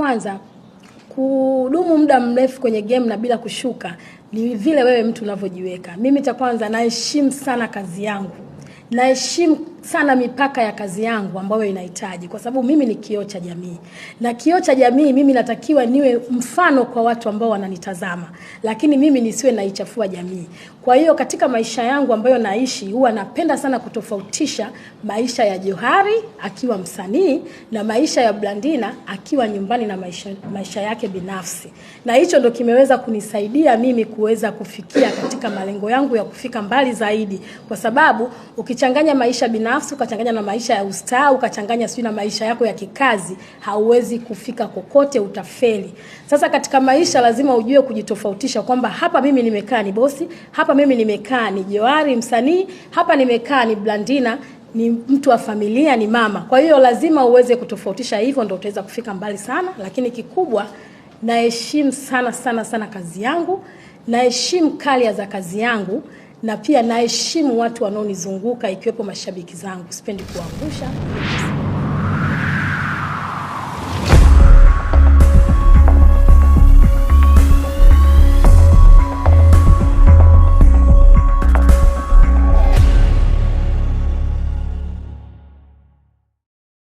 Kwanza, kudumu muda mrefu kwenye game na bila kushuka ni vile wewe mtu unavyojiweka. Mimi cha kwanza naheshimu sana kazi yangu, naheshimu sana mipaka ya kazi yangu ambayo inahitaji, kwa sababu mimi ni kioo cha jamii, na kioo cha jamii mimi natakiwa niwe mfano kwa watu ambao wananitazama, lakini mimi nisiwe naichafua jamii. Kwa hiyo katika maisha yangu ambayo naishi, huwa napenda sana kutofautisha maisha ya Johari akiwa msanii na maisha ya Blandina akiwa nyumbani na maisha, maisha yake binafsi, na hicho ndo kimeweza kunisaidia mimi kuweza kufikia katika malengo yangu ya kufika mbali zaidi, kwa sababu ukichanganya maisha binafsi binafsi ukachanganya na maisha ya ustaa ukachanganya sijui na maisha yako ya kikazi, hauwezi kufika kokote, utafeli. Sasa katika maisha lazima ujue kujitofautisha kwamba hapa mimi nimekaa ni bosi, hapa mimi nimekaa ni Johari msanii, hapa nimekaa ni Blandina ni mtu wa familia, ni mama. Kwa hiyo lazima uweze kutofautisha hivyo, ndio utaweza kufika mbali sana. Lakini kikubwa, naheshimu sana sana sana kazi yangu, naheshimu kalia za kazi yangu na pia naheshimu watu wanaonizunguka ikiwepo mashabiki zangu, sipendi kuangusha.